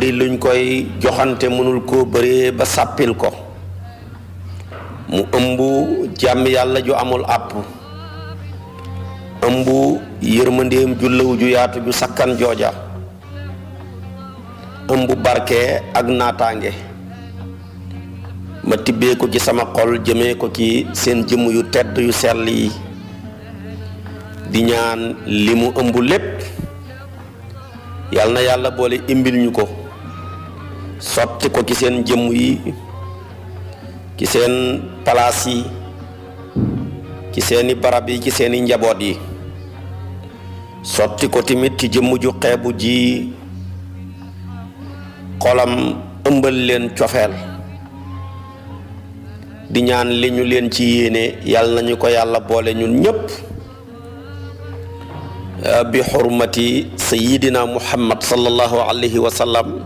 bëri luñ koy joxante mënul koo bëree ba sàppil ko mu ëmb jàmm yàlla ju amul àpp ëmb yërmandeem ju lëw ju yaatu ju sakkan jooja ëmb barke ak naataange ma tibbee ko ci sama xol jëmee ko ci seen jëm yu tedd yu sell yi di ñaan li mu ëmb lépp yàlla na yàlla boole imbil ñu ko sotti ko ci sen jëm yi ci sen place yi ci seeni barab yi ci seeni njabot yi sotti ko timit ci jëm ju xébu ji xolam ëmbal leen ciofel di ñaan li leen ci yéene nañu ko yàlla boole ñun bi xurmati sayidina muhammad sallallahu alaihi wasallam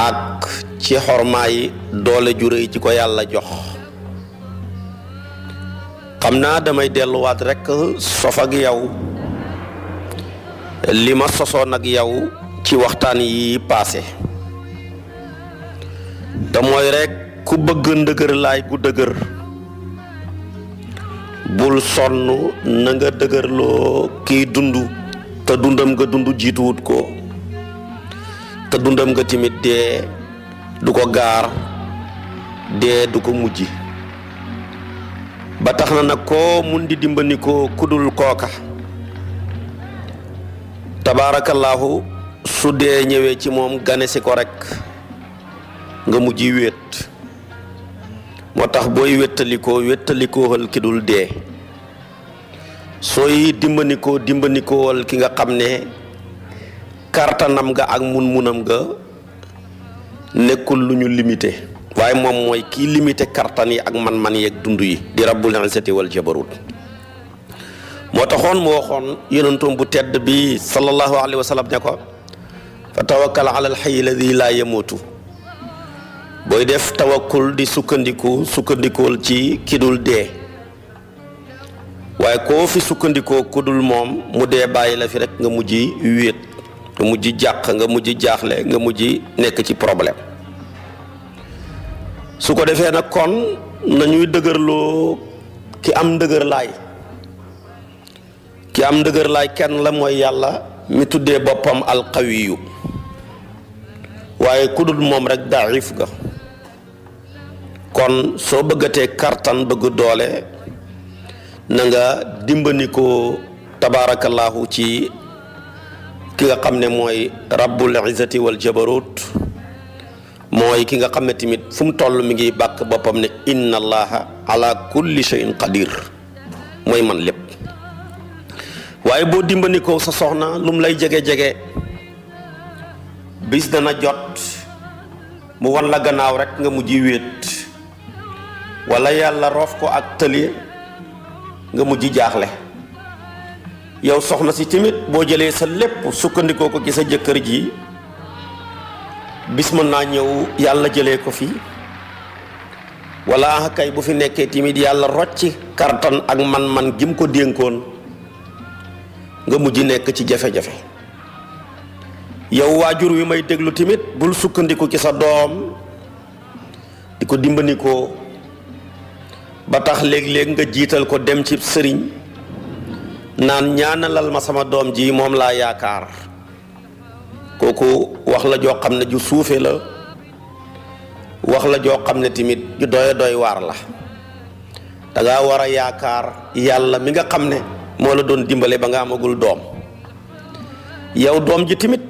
ak ci xormaay doole ju rëy ji ko yàlla jox xam naa damay delluwaat rekk sof ak yow li ma sosoon ak yow ci waxtaan yi paase te rekk ku bëgg ndëgër laay gu dëgër bul sonn na nga dëgërloo kiy dund te dundam nga dund jiituwut ko te dundam nga tamit dee du ko gaar dee du ko mujj ba tax na nag koo mun di dimbandikoo kudul kooka tabaarakallaahu su dee ñëwee ci moom ganesi ko rekk nga mujj wéet moo tax booy wéttalikoo wéttalikoowal ki dul dee sooy dimbandikoo dimbandikoowal ki nga xam ne kartanam nga ak mun-munam nga nekkul lu ñu limité waaye moom mooy kii limité kartan yi ak man-man yeeg dund yi di rabbul izzati wal jabarut moo taxoon mu waxoon yonentoom bu tedd bi sallallahu alayhi wa sallam ne ko fa tawakkal ala alxayi alladi laa yamuutu booy def tawakkul di sukkandiku sukkandikool ci ki dul dee waaye koo fi sukkandikoo ku dul moom mu dee bàyyi la fi rek nga mujj wéet nga mujj jax nga mujj jaaxle nga mujj nek ci problème su ko kon nañuy dëgërloo ki am ndëgër lay, ki am ndëgër lay kenn la moy yalla mi tuddé bopam al waaye waye kudul mom rek daif ga kon so bëggatee kartan bëgg doole na nga dimbaniko tabarakallahu ci ki nga xam ne mooy rabbul izzati wal jabarut mooy ki nga xam ne tamit fu mu toll mi ngi bàkk boppam ne inna allaha ala kulli shay'in qadir mooy man lépp waaye boo dimbali ko sa soxna lu lay jege-jege bis dana jot mu wan la gannaaw rek nga mujj wéet wala yàlla roof ko ak tëli nga mujj jaaxle yow soxna si timit bo jele sa lepp sukkandiko ko ci sa jeuker ji bis mën naa ñëw yàlla jëlee ko fi wala hakay bu fi nekké timit yalla rocci kartan ak man-man gim ko denkon nga muji nekk ci jafe jafé yow wajur wi may deglu timit bul sukkandiko ci sa dom diko dimbaniko ba tax leg leg nga jital ko dem ci serigne naan ñaanalal ma sama doom ji moom laa yaakaar kooku wax la joo xam ne ju suufe la wax la joo xam ne tamit ju doy waar la danga war a yaakaar yàlla mi nga xam ne moo la doon dimbale ba nga amagul doom yow doom ji tamit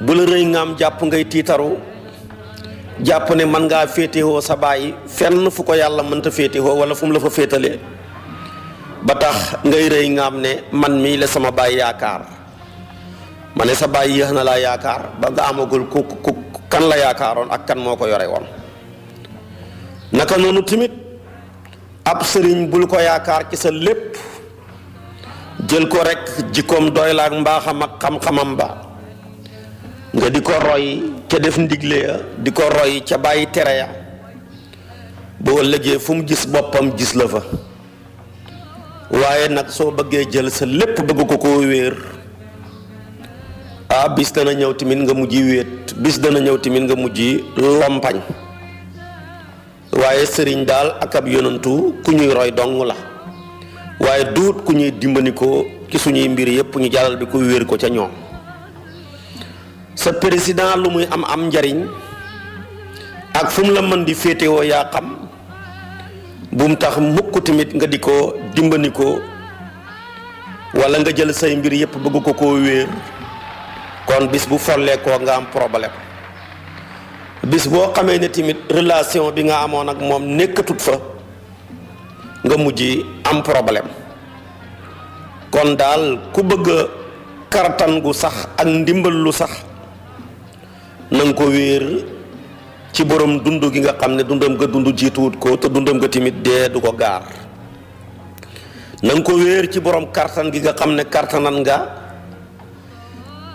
bu la rëy ngaam jàpp ngay tiitaru jàpp ne man ngaa féete féetewoo sa baay fenn fu ko yàlla mën mënta féetewoo wala fu mu la fa féetalee ba tax ngay reey nga amne ne man mi la sama baye yaakaar mané sa baye yéex na laa ba nga amagul ku kan la on ak kan moko yore naka nonutimit, timit ab serign bul ko yaakaar ci sa lepp jël ko rek jikom doy la ak mbaaxam ak xam-xamam ba nga diko roy ci def ndigle ya diko roy ci baye tere ya bo legge fum gis bopam gis la fa waaye nag soo bëggee jël sa lépp bëgg ko koo wéer ah bis dana ñëw tamit nga mujj wéet bis dana ñëw tamit nga mujj lompañ waaye sëriñ daal ak ab yonantu ku ñuy roy dong la waaye duut ku ñuy dimbali ko ci suñuy mbir yépp ñu jàllal bi ko wéer ko ca ñoom sa président lu muy am am njariñ ak fum la mën di féetewoo yaa xam bum tax mukk timit nga di ko wala nga jël say mbir yépp bëgg ko ko wër kon bis bu ko nga am problème bis bo xamé né timit relation bi nga amoon ak moom nekkatut fa nga mujjii am problème kon dal ku bëgg kartan gu sax ak ndimbal lu sax nang ko wër ci borom dund gi nga xam ne dundam nga dund jiituwut ko te dundam nga tamit dee du ko gaar na ko wéer ci boroom kartan gi nga xam ne kartanan nga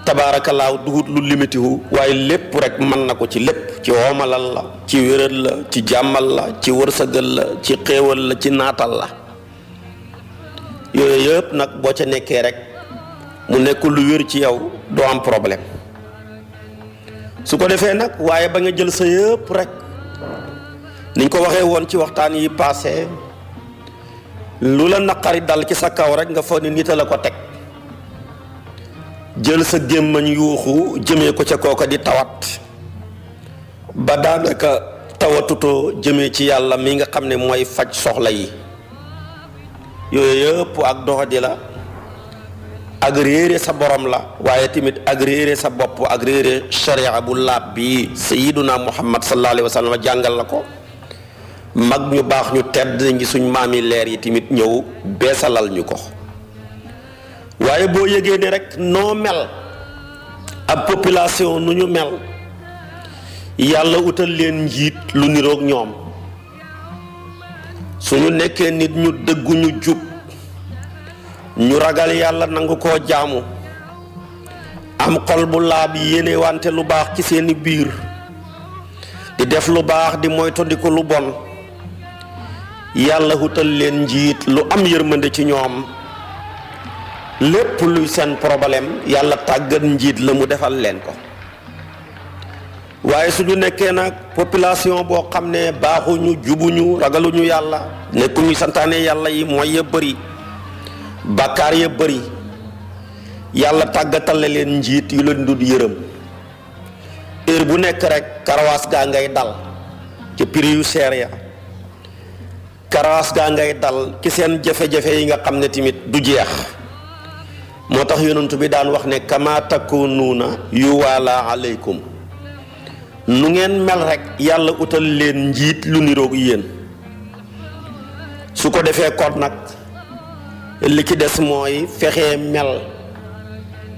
tabaarakallaahu dugut lu limitiwu waaye lépp rek mën na ko ci lépp ci woomalal la ci wéral la ci jàmmal la ci wërsëgal la ci xéewal la ci naatal la yooyu yëpp nag boo ca nekkee rek mu nekk lu wér ci yow doo am problème su ko defee nag waaye ba nga jël sa yëpp rek niñ ko waxee woon ci waxtaan yi paase lu la naqari dal ci sa kaw rek nga foog ni nit a la ko teg jël sa gémmañ yuuxu jëmee ko ca kooka di tawat ba daanaka tawatutoo jëmee ci yàlla mi nga xam ne mooy faj soxla yi yooyu yëpp ak doxadi la ak réere sa borom la waaye tamit ak réere sa bopp ak réere sharia bu laab bi sayiduna muhammad sallallahu alayhi wa sallam jàngal la ko mag ñu baax ñu tedd ñi suñ maami leer yi tamit ñëw beesalal ñu ko waaye boo yëgee ne rek noo mel ab population nu ñu mel yàlla utal leen njiit lu niroog ñoom suñu nekkee nit ñu dëggu ñu jub ñu ragal yàlla nangu koo jaamu am xol bu laab yéene wante lu baax ci seeni biir di def lu baax di moytandiku lu bon yàlla hutal leen njiit lu am yërmande ci ñoom lépp luy seen problème yàlla tàggat njiit la mu defal leen ko waaye suñu nekkee nag population boo xam ne baaxuñu jubuñu ragaluñu yàlla nekkuñu santaane yàlla yi mooy ya bëri bàkkaar ya bari yàlla tàggatale leen njiit yu leen dul yërëm heure bu nekk rek karawaas gaa ngay dal ca prix yu seer ya karawaas gaa ngay dal ci seen jafe-jafe yi nga xam ne tamit du jeex moo tax yonent bi daan wax ne kama takunuuna yu waala aleykum nu ngeen mel rek yàlla utal leen njiit lu niroog yéen su ko defee kon nag li ki des mooy fexe mel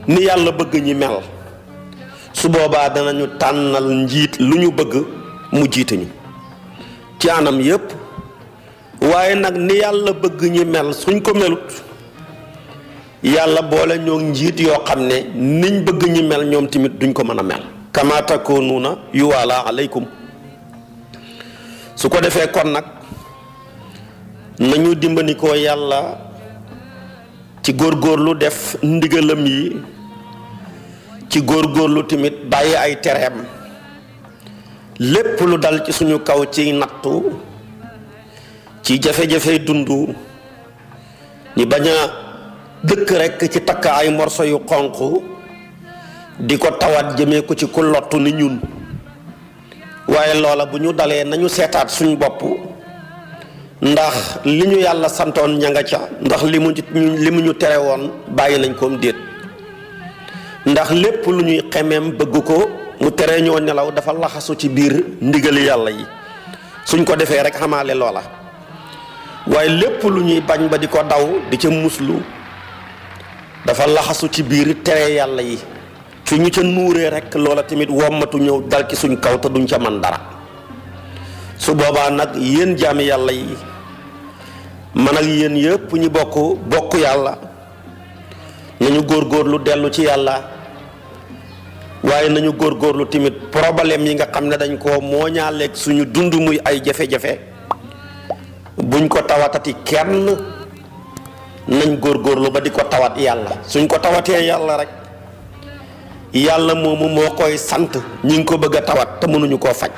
ni yàlla bëgg ñi mel su boobaa danañu tànnal njiit lu ñu bëgg mu jiituñu ci anam yépp waaye nag ni yàlla bëgg ñi mel suñ ko melut yàlla boole ñoo njiit yoo xam ne niñ bëgg ñi mel ñoom tamit duñ ko mën a mel kama takonuuna yuwaala aleykum su ko defee kon nag nañu dimbandikoo yàlla ci góor góorgóorlu def ndigalam yi ci góor góorgóorlu tamit dàyyi ay tereem lépp lu dal ci suñu kaw ci nattu ci jafe-jafe dund ñu bañ a dëkk rekk ci takk ay morso yu xonq di ko tawat jëmee ko ci ku lottu ni ñun waaye loola bu ñu dalee nañu seetaat suñu bopp ndax li ñu yàlla santoon ña nga ca ndax li mu li mu ñu tere woon bàyyi nañ koom déet ndax lépp lu ñuy xemeem bëgg ko mu tere ñoo nelaw dafa laxasu ci biir ndigali yàlla yi suñ ko defee rek xamaale loola waaye lépp lu ñuy bañ ba di ko daw di ca muslu dafa laxasu ci biir tere yàlla yi su ñu ca nuuree rek loola tamit wommatu ñëw dal ci suñ kaw te duñ ca man dara su boobaa nag yéen jaami yàlla yi man ak yéen yëpp ñu bokk bokk yàlla nañu góorgóorlu dellu ci yàlla waaye nañu góorlu tamit problème yi nga xam ne dañ ko mooñaaleeg suñu dund muy ay jafe-jafe buñ ko tawatati kenn nañ góor góorlu ba di ko tawat yàlla suñ ko tawatee yàlla rek yàlla moomu moo koy sant ñi ngi ko bëgg a tawat te mënuñu koo faj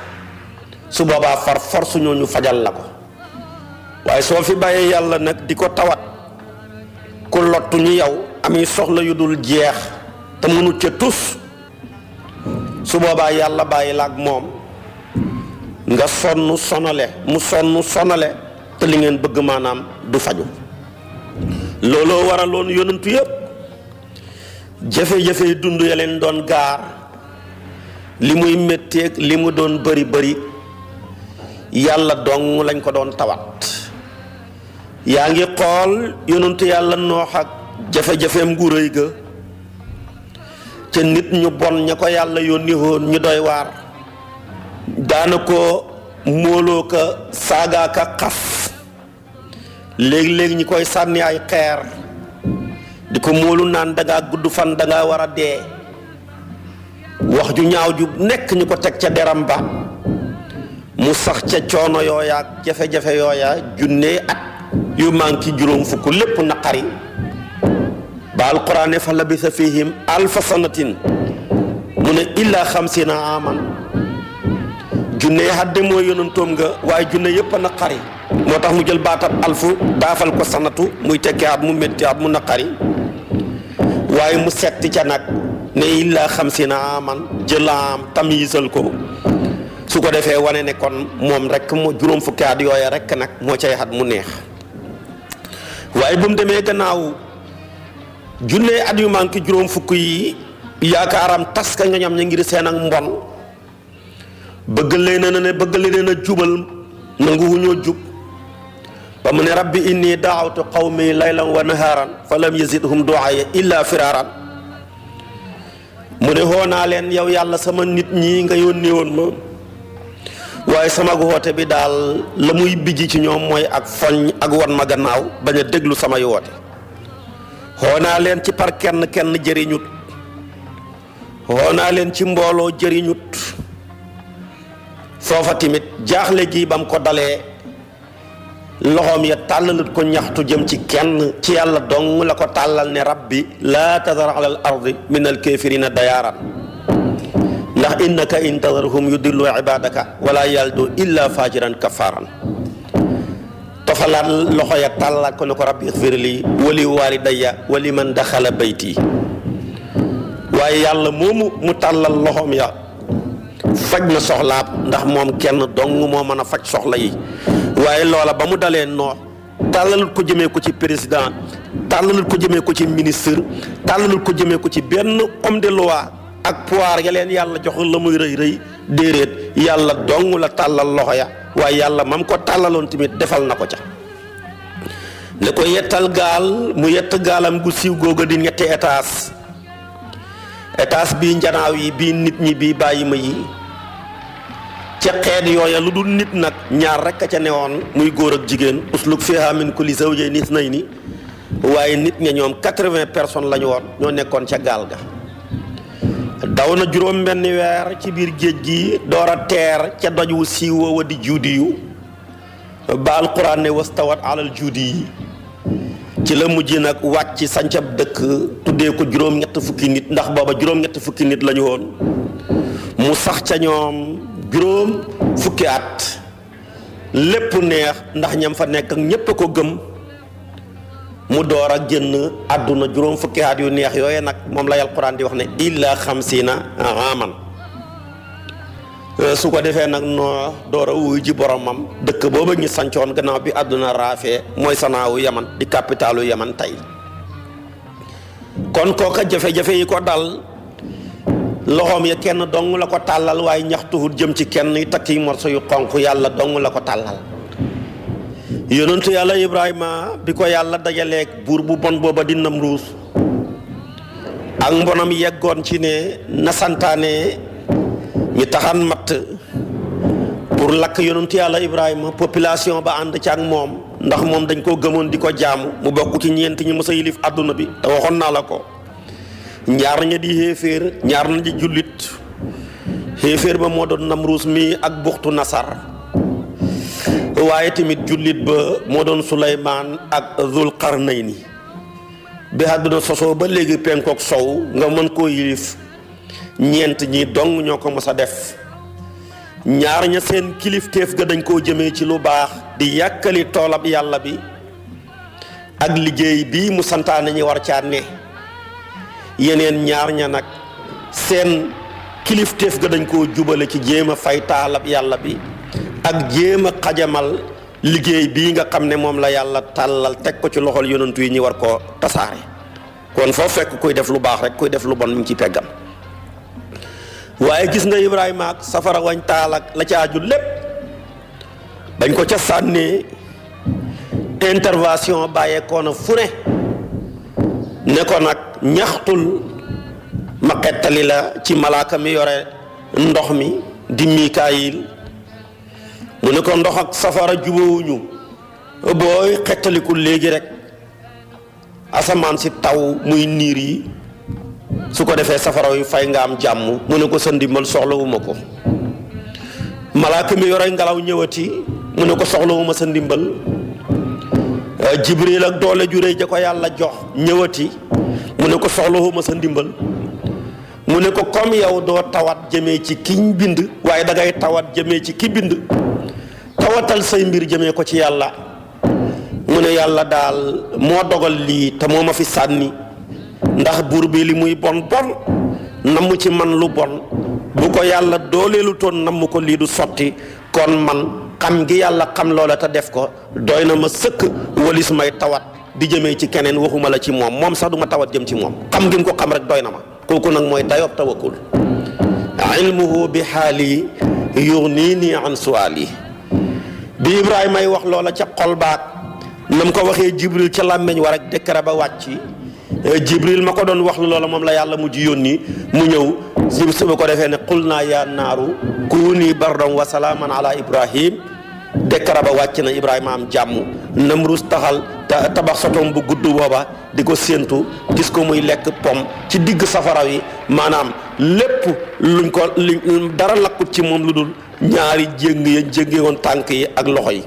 su boobaa far force ñoo ñu fajal la ko waaye so fi baye yalla nak diko tawat ku lotu ñu yaw ami soxla yu dul jeex te mënu ci tous su boba yalla baye lak mom nga sonu sonale mu sonu sonale te li ngeen bëgg manam du faju lolo waraloon yonantu yépp jafe-jafe yi dund ya leen doon gaar li muy métteeg li mu doon dong lañ ko don tawat yaa ngi xool yonentu yàlla noox ak jafe-jafeem gu ga ca nit ñu bon ña ko yàlla yónni woon ñu doy waar daana ko móoloo ka saagaa ka xas léegi-léegi ñi koy sànni ay xeer di ko móolu naan dangaa gudd fan danga war a dee wax ju ñaaw ju nekk ñu ko teg ca deram ba mu sax ca coono yooya ak jafe-jafe yooya junne at yu manqué juróom fukk lépp naqari ba alquran fa labisa fihim alfa sanatin mu ne illaa xamsina aman junne hadde moo yonantoom nga waaye junne yépp a naqari moo tax mu jël baatab alfu daafal ko sanatu muy tekki at mu métti at mu naqari waaye mu setti ca nag ne illaa xamsina aman jël am tamisal ko su ko defee wane ne kon moom rekk moo juróom fukki at yooya rek nag moo cay at mu neex waaye ba mu demee gannaaw junne at yu manqué juróom fukk yi yaakaaram tas ka ñoñam ña ngir seen ak mbon bëgg leen na ne bëgg leen a jubal nanguwuñoo jub ba mu ne rab rabbi inni daawtu qawmi laylan wa naharan fa lam yazidhum duaaya illa firaaran mu ne xoonaa leen yow yàlla sama nit ñi nga yónnee woon ma waaye sama woote bi daal la muy bijj ci ñoom mooy ak foñ ak wan ma gannaaw bañ a déglu samay woote xoo naa leen ci par kenn kenn jëriñut xoo naa leen ci mbooloo jëriñut foofa tamit jaaxle gi bam ko dalee loxoom ya tàllalut ko ñaxtu jëm ci kenn ci yàlla dong la ko tàllal ne rabbi laa tadar ala al ardi min al kafirina ndax innaka intadharhum yudillu ibadaka wala yaldu illa fajiran kafaran tofalaat loxo ya talak ko ko rabbi ighfirli wali walidayya wali man dakhala bayti waaye yalla momu mu talal loxom ya faj na soxlaab ndax mom kenn dong mo meuna a faj soxla yi waaye lola bamu mu no talal ko jëmee ko ci président talal ko jëmee ko ci ministre talal ko jëmee ko ci ben homme de loi ak poar ya len yalla joxoon la muy reuy rëy déedéet yàlla la talal loxo ya wa yalla mam ko talalon timit defal nako ca le ko yettal gal mu yett galam gu siw googa di ñetti etas etas bi njanaaw yi bi nit ñi bi bayima yi ci xeet yooya lu nit nak ñaar rek ca neewon muy goor ak jigen usluk fiha min kulli zawjayn waye nit nga ñom 80 personnes lañu won ñoo ca gal ga daw na juróom benn weer ci biir géej gi door teer ca doj wu siiwoo wa di juudi yu ba alquran ne wastawat alal juudi yi ci la mujj nag wàcc sancab dëkk tuddee ko juróom-ñett fukki nit ndax booba juróom-ñett fukki nit lañu woon mu sax ca ñoom juróom fukki at lépp neex ndax ñam fa nekk ak ñépp a ko gëm mu door a génn àdduna juróom fukki at yu neex yooye nag moom la alquran di wax ne illa xamsiina aman su ko defee nag noo door a wuyu boromam dëkk booba ñu sancoon gannaaw bi àdduna raafee mooy sanaawu yaman di capitalu yaman tey kon kooka jafe-jafe yi ko dal loxoom ya kenn dong la ko tàllal waaye ñaxtuwut jëm ci kenn yi takki morso yu xonq yàlla dong la ko tàllal yonentu yàlla Ibrahima bi ko yàlla dajaleeg buur bu bon booba di nam Namruus ak mbonam yeggoon ci ne na santaane ñi taxan matt pour lakk yonentu yàlla Ibrahima population ba ànd ci ak moom ndax moom dañ koo gëmoon di ko jaamu mu bokk ci ñeenti ñi mës yilif àdduna bi te waxoon naa la ko ñaar ña di xéeféer ñaar na di jullit xéeféer ba moo doon Namruus mii ak buxtu nasar waaye tamit jullit ba moo doon Suleymaan ak Zul Qarnayni bi àdduna sosoo ba léegi penkook sow nga mën koo yilif ñeent ñi dong ñoo ko mës a def ñaar ña seen kilifteef ga dañ koo jëmee ci lu baax di yàkkali toolab yàlla bi ak liggéey bii mu santaane ñi war caa ne yeneen ñaar ña nag seen kilifteef ga dañ koo jubale ci jéem a fay taalab yàlla bi ak jéem a xajamal liggéey bi nga xam ne moom la yàlla tàllal teg ko ci loxol yonent yi ñi war koo tasaare kon foo fekk kuy def lu baax rek kuy def lu bon mu ngi ci peggam waaye gis nga Ibrahima safara wañ taal ak la ca aju lépp bañ ko ca sànnee intervention bàyyeekoo na fu ne ne ko nag ñaxtul ma xettali la ci malaaka mi yore ndox mi di Mikaayil mu ne ko ndox ak safara jubóowuñu booy xettaliku léegi rek asamaan si taw muy niir yi su ko defee safara yu fay nga am jàmm mu ne ko sa ndimbal soxlawuma ko malaaka mi yore ngelaw ñëwati mu ne ko soxlawuma sa ndimbal jibril ak doole ju réy ja ko yàlla jox ñëwati mu ne ko soxlawuma sa ndimbal mu ne ko comme yow doo tawat jëmee ci kiñ bind waaye dangay ngay tawat jëmee ci ki bind tawatal say mbir jëmee ko ci yàlla mu ne yàlla daal moo dogal lii te moo ma fi sànni ndax buur bii li muy bon bon namm ci man lu bon bu ko yàlla dooleelu toon namm ko lii du sotti kon man xam gi yàlla xam loola te def ko doy na ma sëkk walis may tawat di jëmee ci keneen waxuma la ci moom moom sax du tawat jëm ci moom xam gi mu ko xam rek doy na ma kooku nag mooy dayoob tawakkul ilmuhu bi xaali yugnini an suali bi Ibrahima ay wax loola ca xol baag na mu ko waxee Jibril ca làmmeñ war ak dëkkara ba wàcc Jibril ma ko doon wax loola moom la yàlla mujj yónni mu ñëw si su ko defee ne qul naa yaa naaru kuuni bardan wa salaaman ala Ibrahim dekkara ba wàcc na Ibrahima am jàmm Namrus taxal tabax sotoom bu gudd booba di ko séentu gis ko muy lekk pom ci digg safara wi maanaam lépp luñ ko luñ dara lakkut ci moom lu dul ñaari jéng ya woon tànk yi ak loxo yi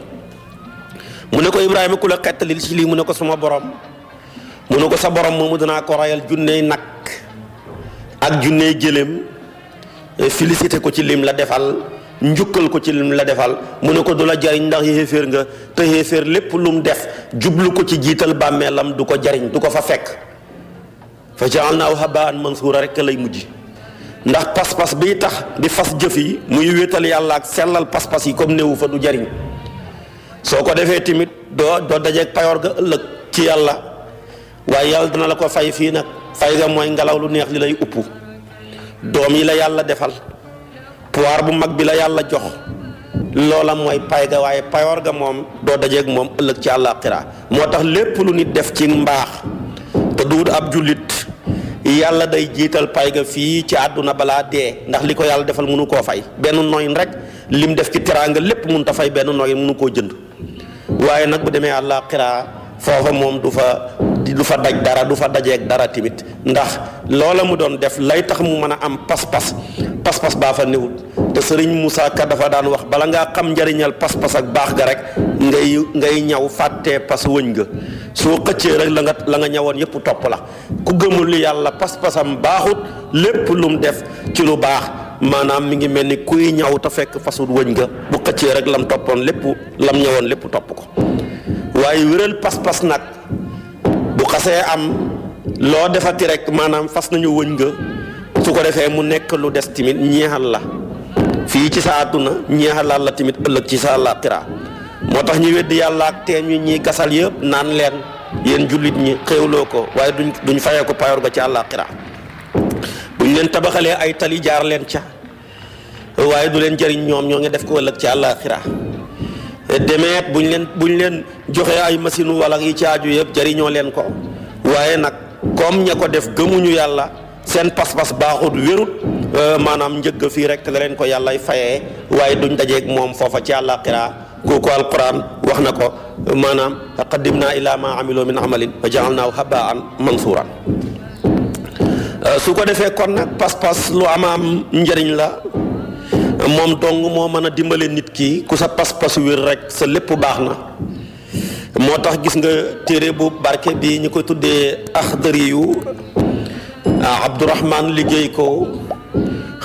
mu ne ko Ibrahima ku la xettalil ci lii mu ne ko suma boroom mu ne ko sa boroom moomu danaa ko rayal junney nag ak junney jëléem félicité ko ci lim la defal njukkal ko ci lim la defal mu ne ko du la jariñ ndax xéeféer nga te xéeféer lépp lu mu def jublu ko ci jiital bàmmeelam du ko jariñ du ko fa fekk fa ja'alnaahu habaan mansuura rekk lay mujj ndax pas-pas biy tax di fas jëf yi muy wéetal yàlla ak sellal pas-pas yi comme néewu fa du jariñ soo ko defee tamit doo doo dajeeg payoor ga ëllëg ci yàlla waaye yàlla dina la ko fay fii nag fay ga mooy ngelaw lu neex li lay upp doom yi la yàlla defal pouvoir bu mag bi la yàlla jox loola mooy pay ga waaye payoor ga moom doo dajeeg moom ëllëg ci àllaaxira moo tax lépp lu nit def ci mbaax te duut ab jullit yàlla day jiital pay ga fii ci àdduna balaa dee ndax li ko yàlla defal mënu koo fay benn noyin rek lim def ci teraanga lépp mun ta fay benn noyin mënu koo jënd waaye nag bu demee àllaaxira foofa moom du fa du fa daj dara du fa dajeeg dara tamit ndax loola mu doon def lay tax mu mën a am pas-pas pas-pas baa fa newul te sëriñ Moussa Ka dafa daan wax bala ngaa xam njariñal pas-pas ak baax ga rek ngay ngay ñaw fàttee pas wëñ ga soo xëccee rek la nga la nga ñawoon yëpp topp la ku gëmul yàlla pas-pasam baaxut lépp lu mu def ci lu baax maanaam mu ngi mel ni kuy ñaw te fekk fasul wëñ ga bu xëccee rek lam toppoon lépp lam ñawoon lépp topp ko waaye wéral pas-pas nag xasee am loo defati rek maanaam fas nañu wëñ nga su ko defee mu nekk lu des tamit ñeexal la fii ci sa àdduna ñeexalaat la tamit ëllëg ci sa àllaaxira moo tax ñu weddi yàlla ak teem yi ñuy gasal yëpp naan leen yéen jullit ñi xéewloo ko waaye duñ duñ fayee ko payoor ba ci àllaaxira buñ leen tabaxalee ay tali jaar leen ca waaye du leen jëriñ ñoom ñoo ngi def ko ëllëg ci àllaaxira te demeet buñ leen buñ leen joxee ay machine wala yi ci aju leen ko waaye nag comme ña ko def gëmuñu yàlla seen pas-pas baaxut wérut euh, maanaam njëg fii rek la leen ko yàllay fayee waaye duñ dajeek moom foofa ci àllaaxira kooku alquran wax na ko maanaam qadimnaa ilaa maa amiloo min amalin wa ja'alnaahu habaan mansuuran euh, su ko defee kon nag pas-pas lu amaam njëriñ la moom dong moo mën a dimbale nit ki ku sa pas-pas wér rek sa lépp baax na moo tax gis nga téere bu barke bi ñu ko tuddee axdari yu ah, abdourahman liggéey ko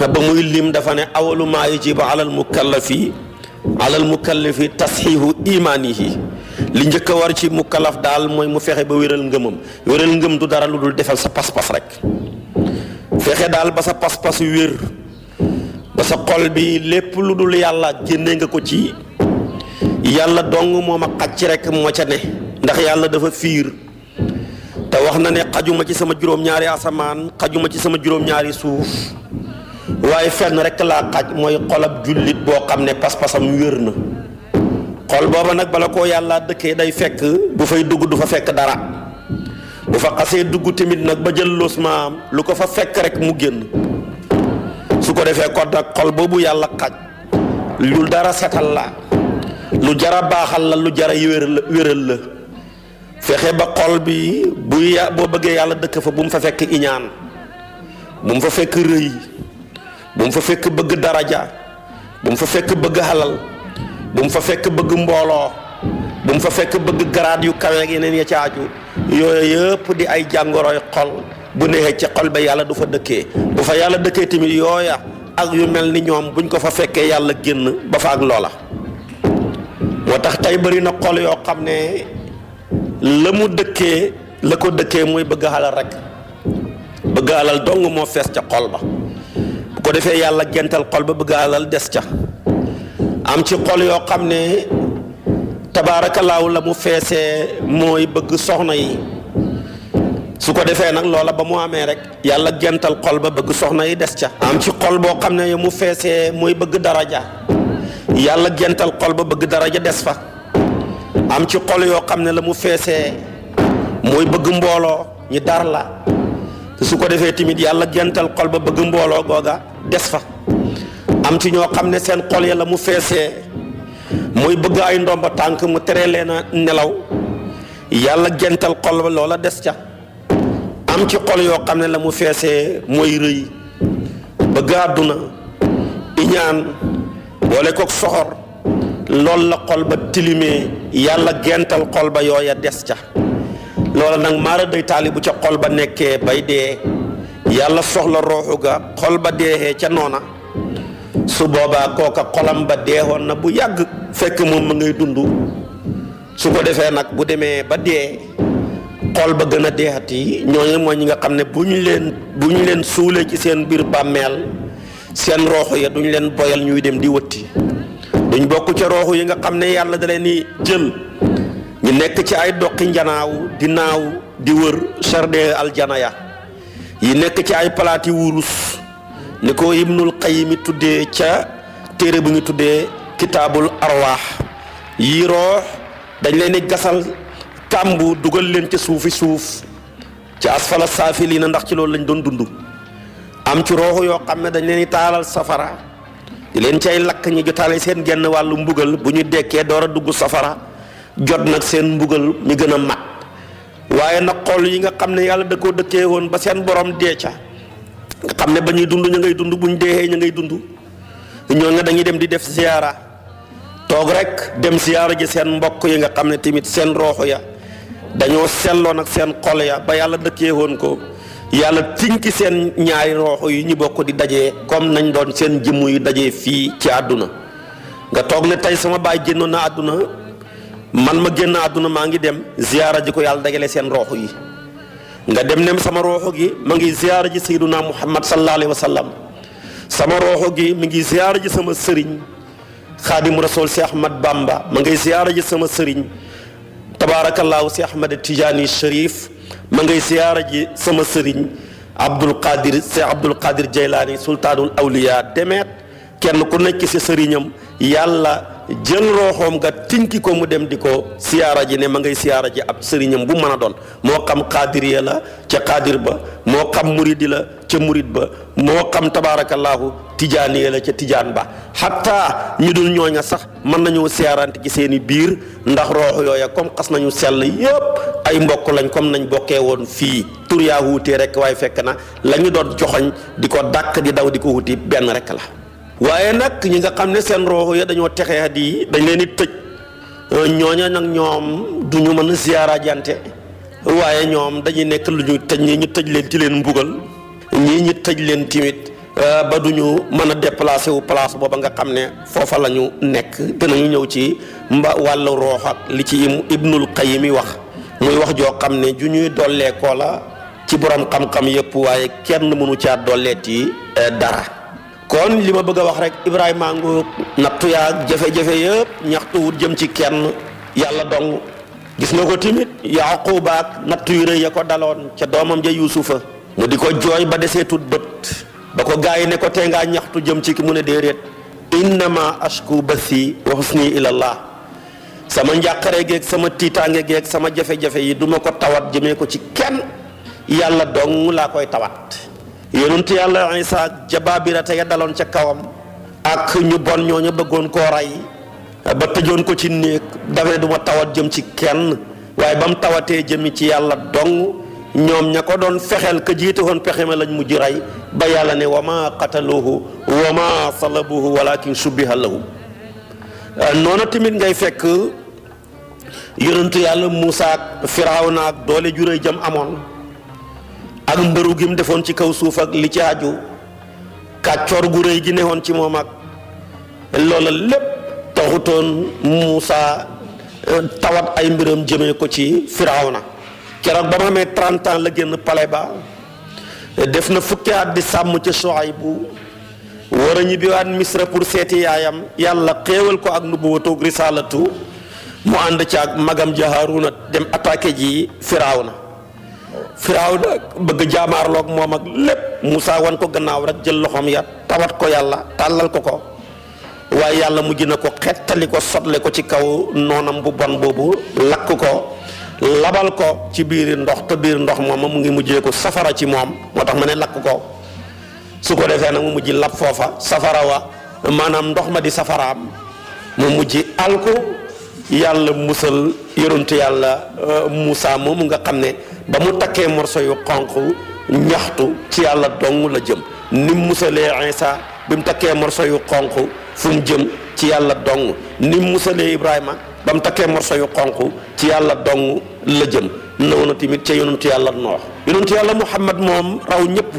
ba muy lim dafa ne awalu maa ba alal mukallafi alal mukallafi tasxiihu imaanihi li njëkk a war ci mukallaf daal mooy mu fexe ba wéral ngëmam wéral ngëm du dara lu dul defal sa pas-pas rek fexe daal ba sa pas-pas wér ba sa xol bi lépp lu dul yàlla génne nga ko ci yàlla dong moom a xacc rek moo ca ne ndax yàlla dafa fiir te wax na ne xajuma ci sama juróom-ñaari asamaan xajuma ci sama juróom-ñaari suuf waaye fenn rek laa xaj mooy xolab jullit boo xam ne pas-pasam wér na xol booba nag bala koo yàlla dëkkee day fekk bu fay dugg du fa fekk dara bu fa xasee dugg tamit nag ba jël loos maam lu ko fa fekk rek mu génn su ko defee kon nag xol boobu yàlla xaj lu dara setal la lu jara baaxal la lu jara wéral wéral la fexe ba xol bi buy boo bëggee yàlla dëkk fa bu mu fa fekk iñaan bu mu fa fekk rëy bu mu fa fekk bëgg daraja bu mu fa fekk bëgg xalal bu mu fa fekk bëgg mbooloo bu mu fa fekk bëgg garaat yu kawe ak yeneen ya caaju yooyu yëpp di ay jàngoroy xol bu neexee ca xol ba yàlla du fa dëkkee bu fa yàlla dëkkee tamit yooya ak yu mel ni ñoom buñ ko fa fekkee yàlla génn ba fa ak loola moo tax tey bëri na xol yoo xam ne la mu dëkkee la ko dëkkee muy bëgg alal rek bëgg alal dong moo fees ca xol ba bu ko defee yàlla gental xol ba bëgg alal des ca am ci xol yoo xam ne tabaarakallaahu la mu feesee mooy bëgg soxna yi su ko defee nag loola ba mu amee rek yàlla gental xol ba bëgg soxna yi des ca am ci xol boo xam ne mu feesee mooy bëgg daraja yàlla gental xol ba bëgg daraja des fa am ci xol yoo xam ne la mu feesee mooy bëgg mbooloo ñi dar la su ko defee tamit yàlla gental xol ba bëgg mbooloo googa des fa am ci ñoo xam ne seen xol ya la mu feesee mooy bëgg ay ndomba tànk mu tere leen a nelaw yàlla gental xol ba loola des ca am ci xol yoo xam ne la mu feesee mooy rëy ba gàddu na iñaan boole kook soxor lool la xol ba tilimee yàlla gental xol ba yooya des ca loola nag maara day taali bu ca xol ba nekkee bay dee yàlla soxla rooxu ga xol ba deexee ca noona su boobaa kooka xolam ba deexoon na bu yàgg fekk moom ma ngay dund su ko defee nag bu demee ba dee xool ba gën a deexati ñoo mooy ñi nga xam ne bu ñu leen bu leen suulee ci seen biir bàmmeel seen rooxu ya duñ leen boyal ñuy dem di wëtti duñ bokk ca rooxu yi nga xam ne yàlla da leen di jël ñu nekk ci ay doqi njanaaw di naaw di wër jardin aljana ya yi nekk ci ay palaati wurus ni ko Ibnul Qayyim tuddee ca téere bu ñu tuddee kitaabul arwaax yi roox dañ leen di gasal tambu dugal len ci soufi souf ci asfala safilina ndax ci lolou lañ doon dundu am ci roho yo xamne dañ leni talal safara di ci ay lak ñi jotale seen genn walu mbugal bu ñu dekkee door dugg safara jot nak seen mbugal mi gëna a mat waaye xol yi nga xamne yalla da ko dekké won ba seen borom dee xamne bañuy dundu ñay ngay ngay ñoo nga dañuy dem di def ziyara tok rek dem ziyara ji seen mbokk yi nga xamne timit seen ya dañoo selloon ak seen xol ya ba yàlla dëkkee woon ko yàlla tinki seen ñaari roox yi ñu bokk di daje kom nañ doon seen jimm yu dajee fii ci àdduna nga toog ne tey sama baay génnoon na àdduna man ma génn àdduna maa ngi dem ziyaara ji ko yàlla dajale seen roox yi nga dem ne sama rooxu gi ma ngi ziyaara ji sayyiduna muhammad sallallahu alayhi wa sallam sama rooxu gi mi ngi ziyaara ji sama sëriñ xaadimu rasul si Ahmad Bamba ma ngi ziyaara ji sama sëriñ tabaarakallaahu si Ahmed Tidiane Cherif ma ngay siyaara ji sama sëriñ Abdul Qadir si Abdul Qadir Jaylaani sultaanul awliyaa demeet kenn ku nekk si seriñam yàlla. jël rooxoom nga tinki ko mu dem di ko siyaara ji ne ma ngay siyaara ji ab sëriñam bu mën a doon moo xam xaadiriya la ca xaadir ba moo xam muridi la ca murid ba moo xam tabaarakallaahu tijaaniya la ca tijaan ba xataa ñu dul ñooña sax mën nañoo siyaarante ci seen i biir ndax roox yooya comme xas nañu sell yëpp ay mbokk lañ comme nañ bokkee woon fii tur yaa wuutee rek waaye fekk na la ñu doon joxoñ di ko dàq di daw di ko wuti benn rek la waaye nag ñi nga xam ne seen roox ya dañoo texee at yi dañ leen di tëj euh, ñooña nag ñoom du ñu mën a ziyaara jante waaye ñoom dañuy nekk lu ñu tëj ñi ñu tëj leen ci leen mbugal ñii ñu tëj leen timit euh, ba du ñu mën a déplacé wu place booba nga xam ne foofa la ñu nekk dinañu ñëw ci mba wàll roox li ci ibnul qayyim yi wax muy wax joo xam ne ju ñuy dolleekoo la ci borom xam-xam yëpp waaye kenn mënu caa dolleet yi euh, dara kon li ma bëgg a wax rek Ibrahima ngu nattu yaag jafe-jafe yëpp ñaxtu jëm ci kenn yàlla dong gis nga ko timit Yaquba ak nattu yu rëy ya ko daloon ca doomam ja Yuusufa mu di ko jooy ba deseetut bët ba ko gaa yi ne ko tee ngaa ñaxtu jëm ci ki mu ne déedéet innama ashku si wa husni ilallah sama njàqare geeg sama tiitaange geeg sama jafe-jafe yi duma ko tawat jëmee ko ci kenn yàlla dong laa koy tawat yonent yàlla isa jabaabirata tey daloon ca kawam ak ñu bon ñooñu bëggoon koo rey ba tëjoon ko ci néeg dafa ne duma tawat jëm ci kenn waaye ba mu tawatee jëm ci yàlla dong ñoom ña ko doon fexeel ka jiite woon pexe ma lañ mujj rey ba yàlla ne wa ma qataluhu wa ma salabuhu walakin subbiha euh, noonu tamit ngay fekk yonentu yàlla Muusa ak Firawna ak doole juree jëm amoon ak mbëru gi mu defoon ci kaw suuf ak li ci aju kàccoor gu rëy ji neexoon ci moom ak loola lépp taxutoon Muusa euh, tawat ay mbiram jëme ko ci Firawna keroog ba mu amee 30 la génn palais ba def na fukki at di sàmm ca bu war a ñibbiwaat Misra pour seeti yaayam yàlla xéewal ko ak nubuwatoog risalatu mu ànd ci ak magam ja Haaruna dem attaqué ji na firawna bëgg jaamaarloog moom ak lépp Moussa wan ko gannaaw rek jël loxoom ya tawat ko yàlla tàllal ko ko waaye yàlla mujj na ko xettali ko sotle ko ci kaw noonam bu bon boobu lakk ko labal ko ci biir ndox te biir ndox moom mu ngi mujjee ko safara ci moom moo tax ma ne lakk ko su ko defee nag mu mujj lab foofa safara wa maanaam ndox ma di safaraam mu mujj alku yàlla musal yonentu yàlla euh, Moussa moomu nga xam ne ba mu takkee morso yu xonq ñaxtu ci yàlla dong la jëm ni mu musalee Isa bi mu takkee morso yu xonq fu jëm ci yàlla dong ni musalee Ibrahima ba mu takkee morso yu xonq ci yàlla dong la jëm noonu tamit ca yonentu yàlla noox yonentu yàlla Muhammad moom raw ñëpp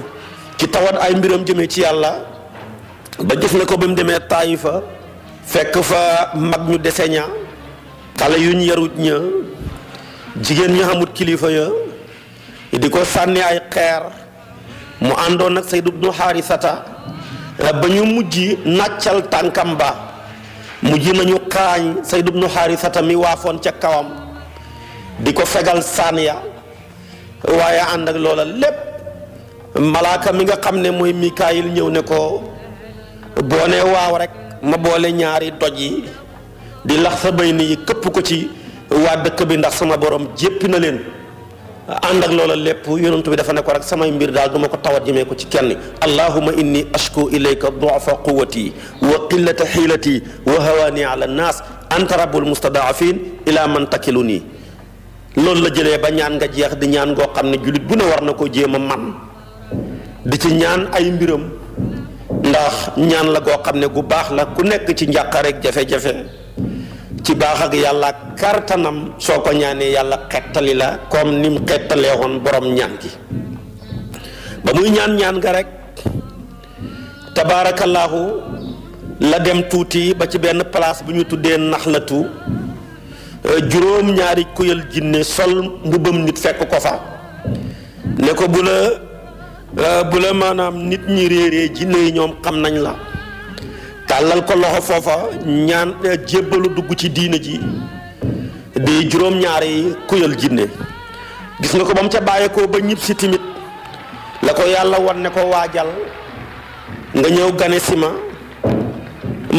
ci tawat ay mbiram jëmee ci yàlla ba gis na ko bi mu demee Taïfa fekk fa mag ñu deseña xale yuñ yarut ña jigéen ñu xamut kilifa ya di ko sànni ay xeer mu àndoon ak Sayd ibnu Xaarisata ba ñu mujj nàccal tànkam ba mujj nañu xaañ Sayd ibnu Xaarisata mi waafoon ca kawam di ko fegal saan waaye ànd ak loola lépp malaaka mi nga xam ne mooy Mikaayil ñëw ne ko boo nee waaw rek ma boole ñaari doj yi di lax sa bay ni kep ko ci wa dëkk bi ndax sama borom jepp na len ànd ak loola lépp yonentou bi dafa ne ko rek sama mbir dal duma ko tawat jeme ko ci kenn allahumma inni ashku ilayka du'fa quwwati wa qillata hilati wa hawani ala nas anta rabbul mustadaafin ila man takiluni lol la jele ba ñaan nga jeex di ñaan go xamne julit bu ne war na ko jéem man di ci ñaan ay mbiram ndax ñaan la go xamne gu bax la ku nekk ci njàqareeg jafe-jafe ci baax yàlla kartanam soo ko ñaanee yàlla xettali la comme nim mu xettalee woon borom ñaan gi ba muy ñaan ñaan nga rek tabaarakallaahu la dem tuuti ba ci benn place bu ñu tuddee naxlatu euh, juróom ñaari kuyal jinne sol mbubbam nit fekk ko fa ne ko bu la euh, bu la maanaam nit ñi réeree jinne yi ñoom xam nañ la tàllal ko loxo foofa ñaan eh, jébbalu dugg ci diina ji di juróom-ñaari kuyal jinne gis nga ko ba mu ca bàyyeekoo ba ñib si timit la ko yàlla wan ne ko waajal nga ñëw gane si ma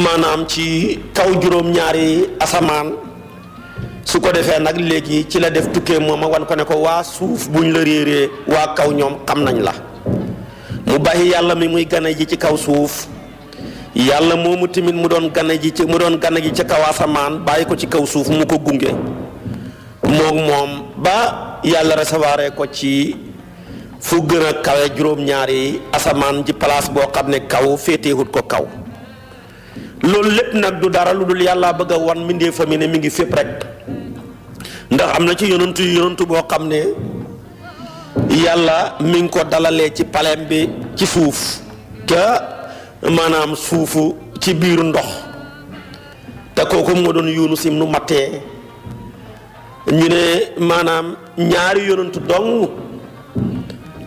maanaam ci kaw juróom-ñaari asamaan su ko defee nag léegi ci la def tukkee moom a wan ko ne ko waa suuf buñ la réeree waa kaw ñoom xam nañ la mu bàyyi yàlla muy gane ji ci kaw suuf yàlla moomu tamit mu doon gane ji ci mu doon gane ji ca kaw asamaan bàyyi ko ci kaw suuf mu ko gunge moog moom ba yàlla recevoir ko ci fu gën a kawe juróom-ñaari asamaan ji place boo xam ne kaw féeteewut ko kaw loolu lépp nag du dara lu dul yàlla bëgg a wan mbindeefam yi ne mi ngi fépp rek ndax am na ci yonantu yonantu boo xam ne yàlla mi ngi ko dalalee ci palem bi ci suuf ca maanaam suufu ci biiru ndox te kooku moo doon Yunus mu Mattee ñu ne maanaam ñaari yonantu dong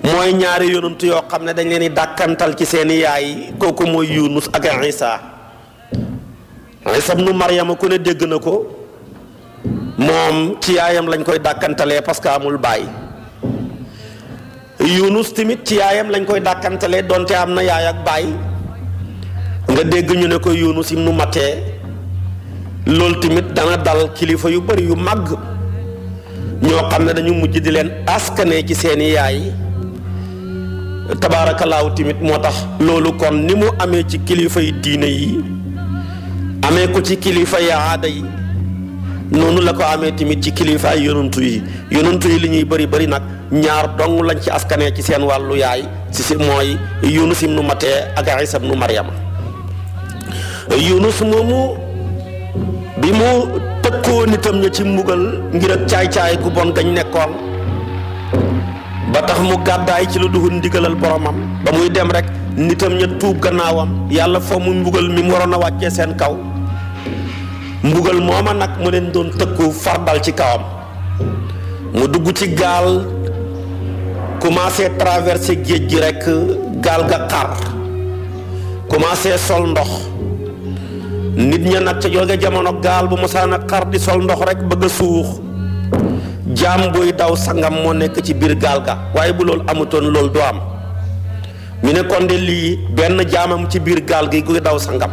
mooy ñaari yonantu yoo xam ne dañ leen di dàkkantal ci seeni yaay kooku mooy Yunus ak Isa Isa ibnu Maryama ku ne dégg na ko moom ci yaayam lañ koy dàkkantalee parce que amul baay Yunus tamit ci yaayam lañ koy dàkkantalee donte am na yaay ak baay nga dégg ñu ne ko Yunus ibnu Mattee loolu tamit dana dal kilifa yu bari yu màgg ñoo xam ne dañu mujj di leen askane ci seeni yaay tabaarakalaaw timit moo tax loolu kon ni mu amee ci kilifa yi diine yi amee ko ci kilifa yi aada yi noonu la ko amee tamit ci kilifa ay yonantu yi yonantu yi li ñuy bëri bëri nag ñaar dong lañ ci askanee ci seen wàllu yaay si si mooy Yunus ibnu Mattee ak Isa ibnu Maryama yunus moomu bi mu tëkkoo nitam ña ci mbugal ngir ak caay-caay gu bon gañ nekkoon ba tax mu gàddaay ci lu duhul ndigalal boromam ba muy dem rek nitam ña tuub gannaawam yàlla fa mu mbugal mi mu waroon a wàccee seen kaw mbugal mooma nag mu leen doon tëkku fardal ci kawam mu dugg ci gaal commencé traversé géej gi rek gaal ga xar commencé sol ndox nit ña nag ca jooge jamono kardi bu nak xar di sol ndox rek bëgg suux jam boy daw sangam mo nek ci bir gal ga waye bu lol amutoon lol do am ñu ne kon de li ben jamam ci bir gal gi daw sangam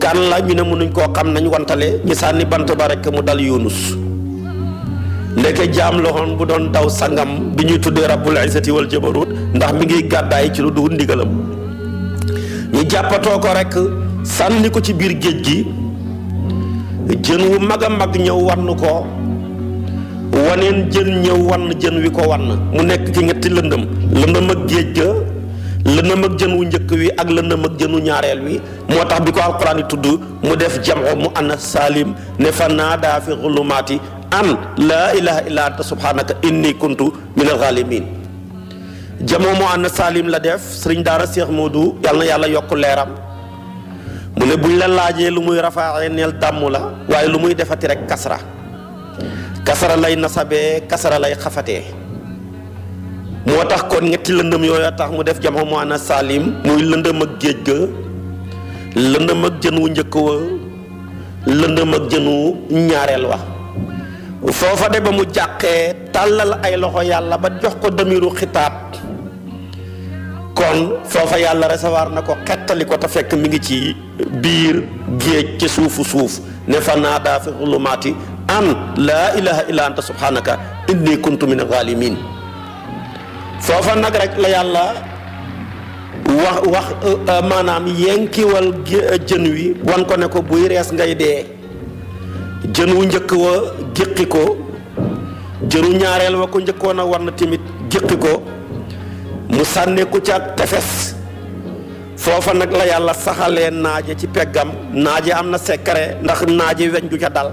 kan la ñu ne mënuñ ko xam nañ wantale ñi sanni bant mu dal yunus leke jam lohon budon bu don daw sangam bi ñuy tuddee rabbul izzati wal jabarut ndax mi ngi gaday ci lu du ndigalam jappato ko rek sànni ko ci biir géej gi jën wu mag mag ñëw wann ko waneen jën ñëw wann jën wi ko wann mu nekk ci ñetti lëndëm lëndëm ak géej ga lëndëm ak jën wu njëkk wi ak lëndëm ak jënu ñaareel wi moo tax bi ko alquran tudd mu def jamxo mu ana salim ne fa naadaa fi xulumaati an laa ilaha illa anta subhanaka inni kuntu min alxaalimin jamoo mu ana salim la def sëriñ daara Cheikh Modou yàlla yàlla yokk leeram mu ne buñ la laajee lu muy rafaaxee neel dàmm la waaye lu muy defati rek kasra kasara lay nasabee kasara lay xafatee moo tax kon ñetti lëndëm yooya tax mu def jamono maana saalim muy lëndëm ak géej ga lëndëm ak jën wu njëkk wa lëndëm ak jën wu ñaareel wa foofa de ba mu jàqee tàllal ay loxo yàlla ba jox ko damiru xitaab kon foofa yàlla recevoir na ko xettali ko te fekk mi ngi ci biir géej ci suufu suuf ne fa naadaa fi xulumaati an laa ilaha illa anta subhanaka inni kuntu foofa nag rek la yàlla wax wax euh, maanaam yenkiwal jën wi wan ko ne ko buy rees ngay dee jën wu njëkk wa géqi ko jënu ñaareel wa ko njëkkoon war na tamit géqi ko mu sànneeku ca tefes foofa nag la yàlla saxalee naaje ci peggam naaje am na secret ndax naaje weñ du ca dal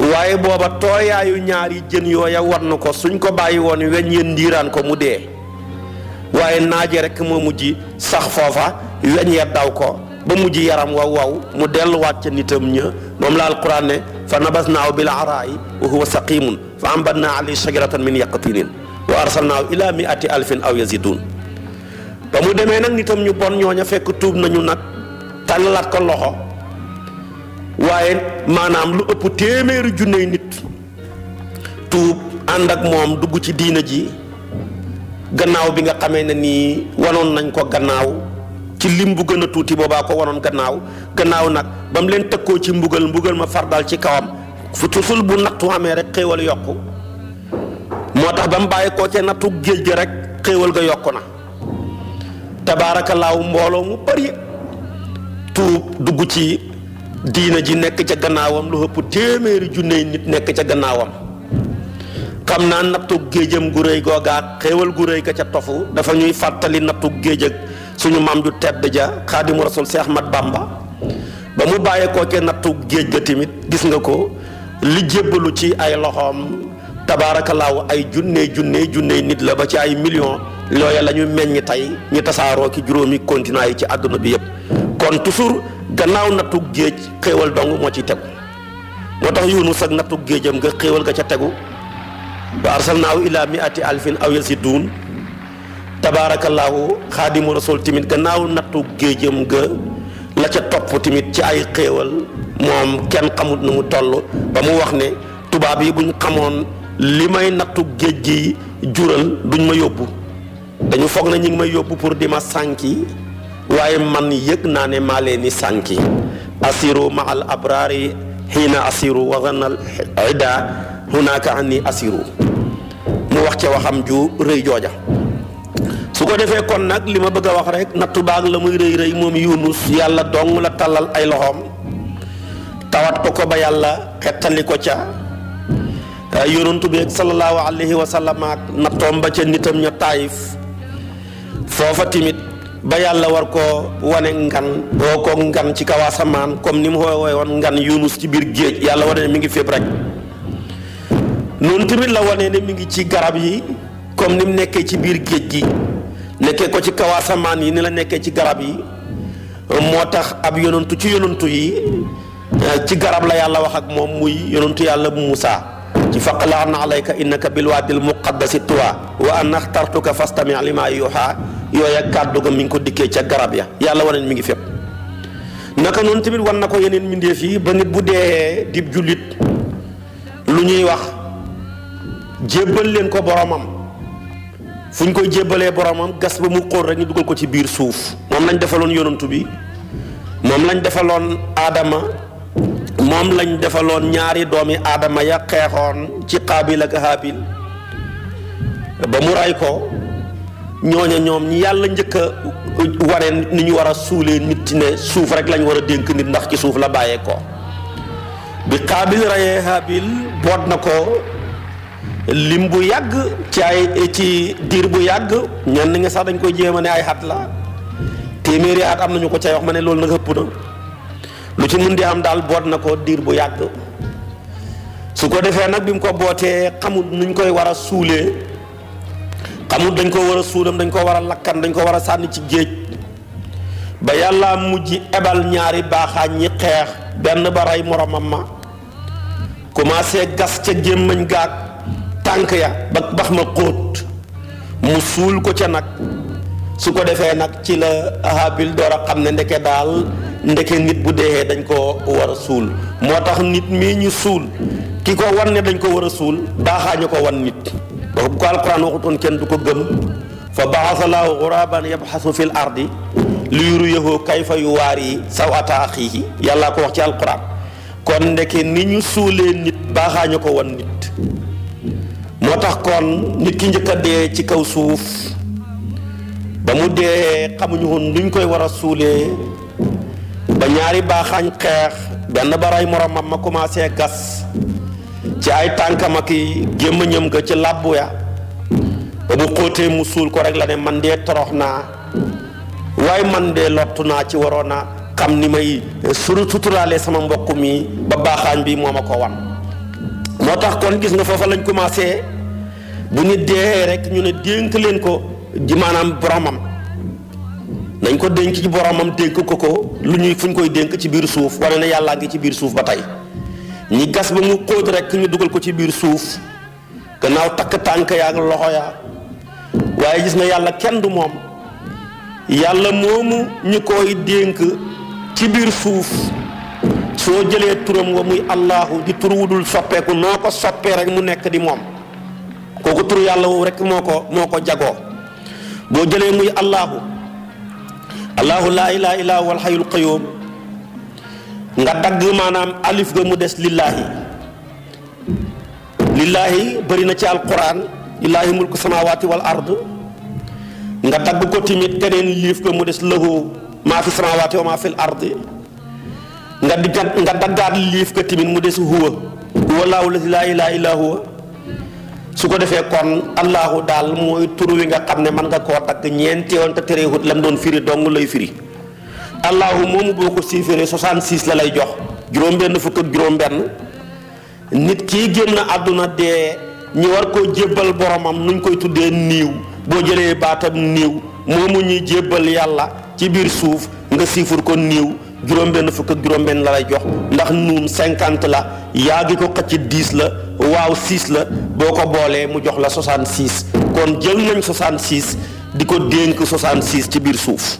waaye booba tooyaayu ñaari jën yooya war na ko suñ ko bàyyi woon weñ yéen ndiiraan ko mu dee waaye naaje rek moo mujj sax foofa weñ ya daw ko ba mujj yaram waw waw mu delluwaat ca nitam ña moom la alquran ne fa nabasnaahu bil araa'i wa huwa saqimun fa ambatnaa alayhi shajaratan min yaqtinin wa arsalnaahu ilaa mi'ati alfin aw yazidun ba mu demee nag nitam ñu bon ñooña fekk tuub nañu nag tàllalaat ko loxo waaye maanaam lu ëpp téeméeri junney nit tuub ànd ak moom dugg ci diina ji gannaaw bi nga xamee ne nii wanoon nañ ko gannaaw ci lim bu gën a tuuti boobaa ko wanoon gannaaw gannaaw nag ba mu leen tëkkoo ci mbugal mbugal ma fardal ci kawam fu tusul bu nattu amee rek xéewal yokk moo tax ba mu bàyyi koo ca nattu géej ga rek xéewal ga yokk na tabaarakallaahu mbooloo mu bari tuub dugg ci diina ji nekk ca gannaawam lu ëpp téeméeri junney nit nekk ca gannaawam xam naa nattu géejam gu réy googaa xéewal gu réy ga ca tofu dafa ñuy fàttali nattu géej suñu maam ju tedd ja xaadimu rasul Seex Ahmad Bamba ba mu bàyyi koo ca géej ga tamit gis nga ko li jébbalu ci ay loxoom tabaarakallaahu ay junne junne junne nit la ba ci ay millions looya la ñu meññ tey ñu tasaaroo ki juróomi continent yi ci àdduna bi yépp kon toujours gannaaw nattug géej xéewal dong moo ciy tegu moo tax Yunus ak nattug géejam nga xéewal nga ca tegu na wa arsalnaahu ilaa mi'ati alfin aw yaziduun tabaarakallaahu xaadimu rasul tamit gannaaw nattug géejam nga la ca topp tamit ci ay xéewal moom kenn xamut nu mu toll ba mu wax ne tubaab yi buñ xamoon li may nattu géej gi jural duñ ma yóbbu dañu foog na ñi ngi may yóbbu pour di ma sànki waaye man yëg naa ne maa ni di sànki asiru ma al abraari xiina asiru wa zanna al ida hunaka anni asiru mu wax ca waxam ju rëy jooja su ko defee kon nag li ma bëgg a wax rek nattu baag la muy rëy rëy moom yunus yàlla dong la tàllal ay loxoom tawat ko ko ba yàlla xettali ko ca yonantu bi sallallahu alayhi wa sallam ak nattoom ba ca nitam ña taayif foofa timit ba yàlla war koo wane ngan woo ko ngan ci kaw asamaan comme ni mu woowee woon ngan yunus ci biir géej yàlla wane ne mi ngi fépp rek noonu tamit la wane ne mi ngi ci garab yi comme ni mu nekkee ci biir géej gi nekkee ko ci kaw asamaan yi ni la nekkee ci garab yi moo tax ab yonantu ci yonantu yi ci garab la yàlla wax ak moom muy yonantu yàlla Muusaa ci faqlaana alayka innaka bilwaadil muqaddasi tuwa wa an axtartuka fastami lima yuuxa yooya kàddu ga mi ngi ko dikkee ca garab ya yàlla wane mi ngi fépp naka noonu tamit war na ko yeneen mbindéef yi ba nit bu dee dib jullit lu ñuy wax jébbal leen ko boromam fu ñu koy jébbalee boromam gas ba mu xóor rek ñu dugal ko ci biir suuf moom lañ defaloon yonantu bi moom lañ defaloon aadama moom lañ defaloon ñaari doomi aadama ya xeexoon ci xaabil ak haabil ba mu rey ko ñooña ñoom ñi yàlla njëkk wane ni ñu war a suulee nit ne suuf rek lañ war a dénk nit ndax ci suuf la bàyyee ko bi xaabil reyee haabil boot na ko lim bu yàgg ci ay ci diir bu yàgg ñenn nga sax dañ koy jéem a ne ay at la téeméeri at am nañu ko cay wax ma ne loolu nag ëpp na lu ci mun di am daal boot na ko diir bu yàgg su ko defee nag bi mu ko bootee xamul nuñ koy war a suulee xamut dañ ko war a suulam dañ koo war a lakkan dañ ko war a sànni ci géej ba yàlla mujj ebal ñaari baaxaañ ñi xeex benn ba rey moroomam ma commencé gas ca gémmañ gaag tànk ya ba bax ma xóot mu suul ko ca nag su ko defee nag ci la Haabil door a xam ne ndeke daal ndeke nit bu dee dañ ko war a suul moo tax nit mii ñu suul ki ko wan ne dañ ko war a suul daaxaañu ko wan nit donc bu ko alquran waxutoon kenn du ko gëm fa baasalaahu xuraban yabxasu fil ardi li yuriyahu kayfa yu waar yi saw ata axiihi yàllaa ko wax ci alquran kon ndeke ni ñu suulee nit baaxaañu ko wan nit moo tax kon nit ki njëkk a dee ci kaw suuf ba mu dee xamuñu woon luñ koy war a suulee ba ñaari baaxaañ xeex benn baray ray moromam ma commencé gas ci ay tànkam ak gémmañam ga ci làbbu ya ba bu xóotee musul ko rek la ne man dee torox naa waaye man dee lottu naa ci waroon naa xam ni may suru sama mbokk mi ba baaxaañ bi moo ma ko wan moo tax kon gis nga foofa lañ commencé bu ni rek ñu ne dénk leen ko di maanaam boromam dañ ko dénk ci boromam dénk ko ko lu ñuy fu ñu koy dénk ci biir suuf wane na yàllaa ngi ci biir suuf ba tey ñi gas ba mu xóot rek ñu dugal ko ci biir suuf gannaaw takk tànk yaa ak loxo yaa waaye gis na yàlla kenn du moom yàlla moomu ñu koy dénk ci biir suuf soo jëlee turam wa muy allahu di tur wudul soppeeku noo ko soppee rek mu nekk di moom kooku tur yàlla woowu rek moo ko moo ko jagoo boo jëlee muy allahu allahu laa ilaha illa huwa alxayul qayyum nga dagg maanaam alif ga mu des lillaahi lillaahi bëri na ci alquran lillaahi mulku samawati wal ard nga dagg ko maa fi samawati wa maa fi ard nga diggat nga daggaat liif ga timit mu des huwa huwa laahu laa ilaha illa huwa su ko defee kon allahu daal mooy tur wi nga xam ne man nga koo takk ñeenti yoon te terewut lam doon firi dong lay firi allahu moomu boo ko siifiree 66 la lay jox juróom-benn fukk ak juróom-benn nit kii génn àdduna dee ñu war ko jébbal boromam nuñ koy tuddee niiw boo jëlee baatam niiw moomu ñuy jébbal yàlla ci biir suuf nga siifur ko niiw juróom-benn fukk ak juróom-benn la lay jox ndax nuun cinquante la yaa gi ko xëcc dix la waaw six la boo ko boolee mu jox la soixante six kon jël nañ soixante six di ko dénk soixante six ci biir suuf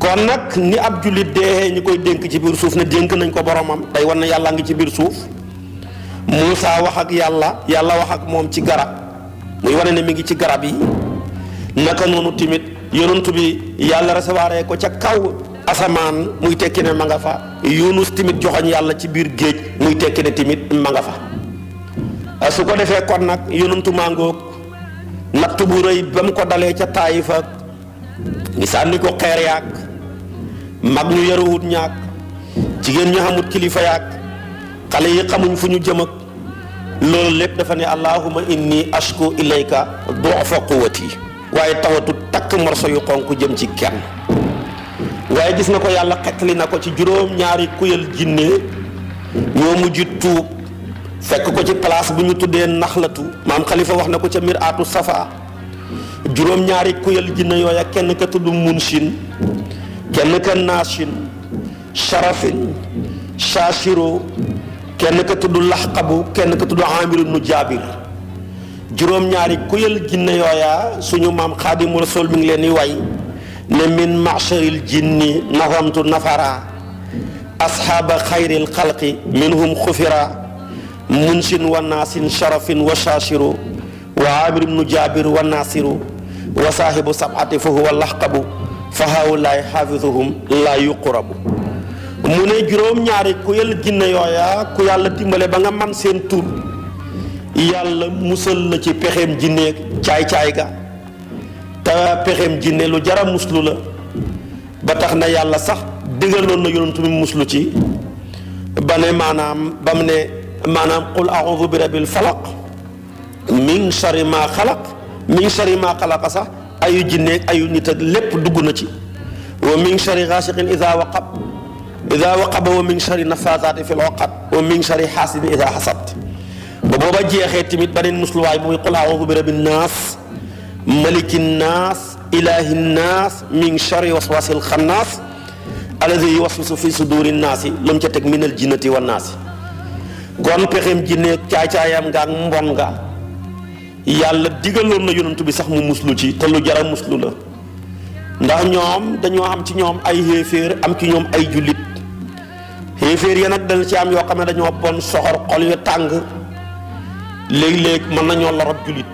kon nag ni ab jullit deexee ñu koy dénk ci biir suuf ne dénk nañ ko boromam tey war na yàlla ngi ci biir suuf Moussa wax ak yàlla yàlla wax ak moom ci garab muy wane ne mi ngi ci garab yi naka noonu tamit yonent bi yàlla recevoir ko ca kaw asamaan muy tekki ne ma nga fa yunus tamit joxoñ yàlla ci biir géej muy tekki ne tamit ma nga fa ah, su ko defee kon nag yonantu màngoog natt bu rëy ba mu ko dalee ca taayifa ñu sànni ko xeer yaag mag ñu yaruwut ñaag jigéen ñu xamut kilifa yaag xale yi xamuñ fu ñu jëm ak loolu lépp dafa ne allahuma inni ashku ilayka du'fa quwwati waaye tawatu takk morso yu xonk jëm ci kenn waye gis nako yalla yàlla xettali na ci juróom ñaari kuyel jinne ñoo mu jittu fekk ko ci place bu ñu tuddé nakhlatu mam khalifa wax nako ci miratu safa ñaari kuyel jinne ya kenn ka tuddu munshin kenn ka nashin sharafin shashiro kenn ka tuddu lahqabu kenn ka tuddu amiru nu jaabir juróom ñaari kuyel jinne ya suñu mam khadimul rasul mi ngi leni way لمن معشر الجن نظمت نفرا أصحاب خير الخلق منهم خفرا منش والناس شرف وشاشر وعامر بن جابر والناصر وصاحب سبعة فهو اللحقب فهؤلاء حافظهم لا يقرب من جروم juróom ñaari ku yël jinne yooya ku yàlla dimbale ba nga man seen tur yàlla musal la ci jinne ga te pexeem jinne lu jara muslu la ba tax na yàlla sax digaloon na yonent bi muslu ci ba ne maanaam ba ne maanaam qul a'udhu bi falaq min sharri ma xalaq min sharri ma xalaqa sax ayu jinne ayu nit ak lépp dugg na ci wa min sharri ghasiqin idha waqab idha waqaba wa min sharri nafathati fil uqad wa min sharri hasidin idha hasad ba booba jeexee tamit beneen musluwaay bu muy qul a'udhu bi rabbin maliki nnaas ilaahi nnaas min sharri waswaasil xannaas allazi yuwaswisu fi suduri naasi lu mu ca teg minal jinnati wan naasi kon pexem jinne caay-caayam nga ak mbon nga yàlla digaloon na yonantu bi sax mu muslu ci te lu jara muslu la ndax ñoom dañoo am ci ñoom ay xéeféer am ci ñoom ay jullit xéeféer ya nag dana ci am yoo xam ne dañoo bon soxor xol yu tàng léegi léeg mën nañoo lorab jullit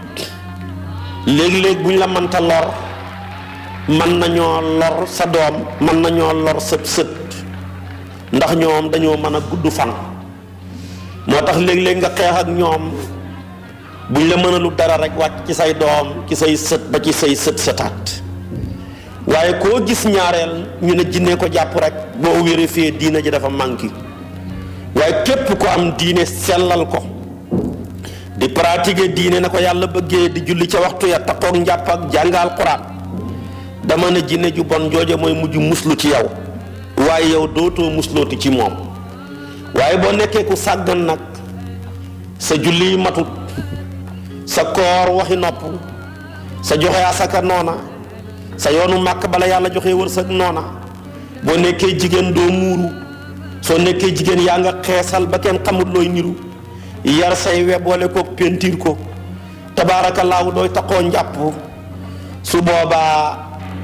léegi-léeg buñ la mënta lor mën nañoo lor sa doom mën nañoo lor sët sët ndax ñoom dañoo mën a gudd fan moo tax léeg léeg nga xeex ak ñoom buñ la mën lu dara rek wàcc ci say doom ci say sët ba ci say sët sëtaat waaye koo gis ñaareel ñu ne jinne ko jàpp rek boo vérifié diina ji dafa manqué waaye képp ko am diine sellal ko di pratiquer diine na ko yàlla bëggee di julli ca waxtu ya takkoog njàpp ak jàngal Quraan dama ne jinne ju bon jooja mooy mujj muslu ci yow waaye yow dootoo muslooti ci moom waaye boo nekkee ku sàggan nag sa julli matut sa koor waxi nopp sa joxe asaka noona sa yoonu màkk bala yàlla joxe wërsëg noona boo nekkee jigéen doo muuru soo nekkee jigéen yaa nga xeesal ba kenn xamut looy niru yar say weboole ko pentiir ko tabaarakallaahu dooy taxoo njàpp su boobaa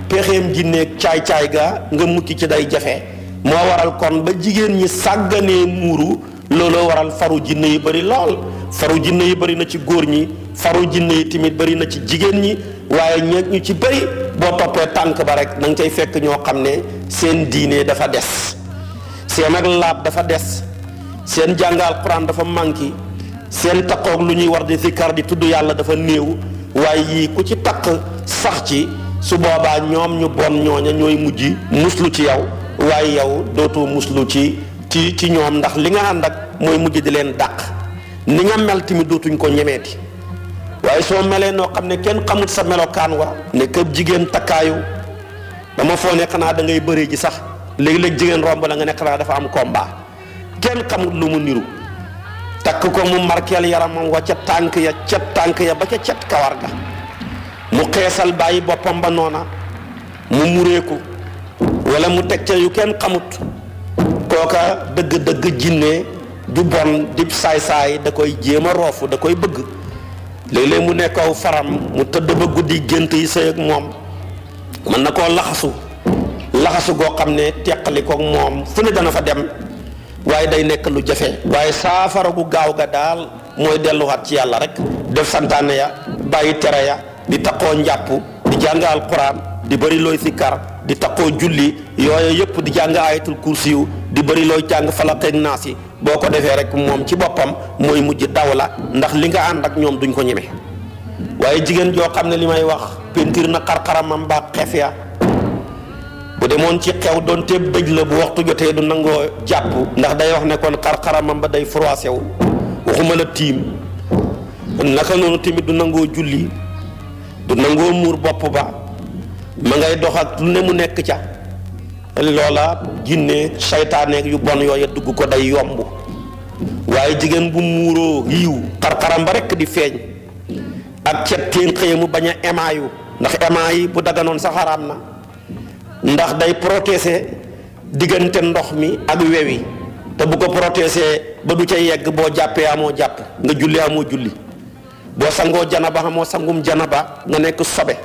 pexeem jinneeg caay-caay ga nga mukki ci day jafe moo waral kon ba jigéen ñi sàgganee muuru looloo waral faru jinne yi bari lool faru jinne yi bari na ci góor ñi faru jinne yi tamit bari na ci jigéen ñi waaye ñeeg ñu ci bari boo toppee tànk ba rek da nga cay fekk ñoo xam ne seen diine dafa des seen ak laab dafa des seen jàngal Alxuraan dafa manqué seen takkoog lu ñuy war di kar di tudd yàlla dafa néew waaye yii ku ci takk sax ci su boobaa ñoom ñu bon ñooña ñooy mujj muslu ci yow waaye yow dootoo muslu ci ci ci ñoom ndax li nga ànd ak mooy mujj di leen dàq ni nga mel tamit dootuñ ko ñemeeti waaye soo melee noo xam ne kenn xamut sa melokaan wa ne këb jigéen takkaayu dama foo ne xanaa da ngay bëree ji sax léegi-léeg jigéen romb la nga nekk xanaa dafa am combat kenn xamut lu mu niru takk ko mu markeel yaramam wa ca ya cet tank ya ba ca cet kawar ga mu xessal bàyyi bopam ba nona mu mureeku wala mu tek ca yu ken xamut koka deug deug jinne du bon dip say say da koy jema rofu da koy bëgg lele mu nekk faram mu tëdd ba guddii yi sey ak mom man nako laxasu laxasu go dana fa dem waaye day nekk lu jafe waaye saafara gu gaaw ga daal mooy delluwaat ci yàlla rek def santaane ya bàyyi tere ya di taqoo njàpp di jàng alquran di bëri looy sikkar di taqoo julli yooyu yëpp di jàng ayatul kursiyu di bëri looy jàng falaqeeg naas yi boo ko defee rek moom ci boppam mooy mujj daw la ndax li nga ànd ak ñoom duñ ko ñeme waaye jigéen joo xam ne li may wax pentir na xarxaramam ba xef ya bu demoon ci xew doon te dëj la bu waxtu jotee du nangoo jàpp ndax day wax nekkoon kon xar-xaramam ba day froissé wu waxuma la tiim naka noonu tamit du nangoo julli du nangoo muur bopp ba ma ngay dox ak lu ne mu nekk ca loola jinne saytaaneeg yu bon yooya dugg ko day yomb waaye jigéen bu muuroo yiiw xar-xaram ba rekk di feeñ ak cet teen xëye mu bañ a emaayu ndax emaa yi bu daganoon sa xaraam na ndax day protéger digënté ndox mi ak wéwi té bu ko protéger ba du ca yegg bo jappé amo japp nga julli amo julli bo sango janaba amoo sangum janaba nga nek sobe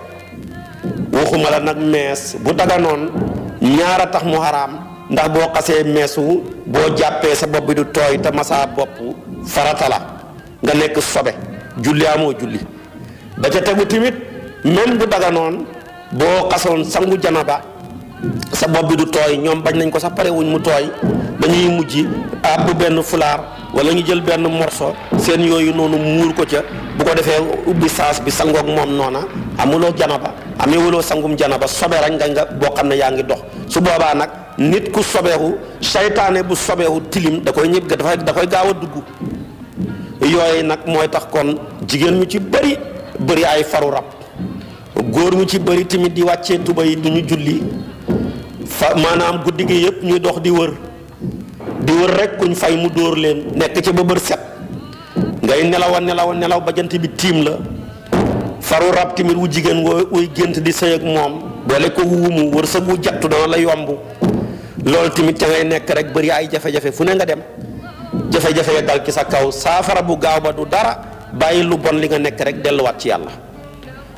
waxuma la nak mes bu non ñaara tax mu haram ndax bo xasse mesu bo jappé sa bopp bi du toy té massa bop farata la nga nek sobe julli amo julli ba ca tagu timit même bu non bo xasson sangu janaba sa bopp bi du tooy ñoom bañ nañ ko sa pare wuñ mu tooy dañuy mujj àbb benn fulaar wala ñu jël benn morso seen yooyu noonu muur ko ca bu ko defee ubbi saas bi sangoog moom noona amuloo am janaba wuloo sangum janaba sobe rek nga nga boo xam ne yaa ngi dox su boobaa nag nit ku sobeeku saytaane bu sobeeku tilim da koy ñëpp dafay da koy gaaw a dugg yooyu nag mooy tax kon jigéen ñu ci bëri bëri ay faru rab góor ñu ci bëri tamit di wàccee tuba yi du fa maanaam guddi gi yëpp ñuy dox di wër di wër rek kuñ fay mu dóor leen nekk ci ba bër set ngay nelaw nelaw nelaw ba jant bi tiim la faru rab tamit wu jigéen woo wuy gént di sëy ak moom boole ko wër sa mu jattu dana la yomb loolu tamit ca ngay nekk rek bëri ay jafe-jafe fu ne nga dem jafe-jafe dal ci sa kaw saafara bu gaaw ba du dara bàyyi lu bon li nga nekk rek delluwaat ci yàlla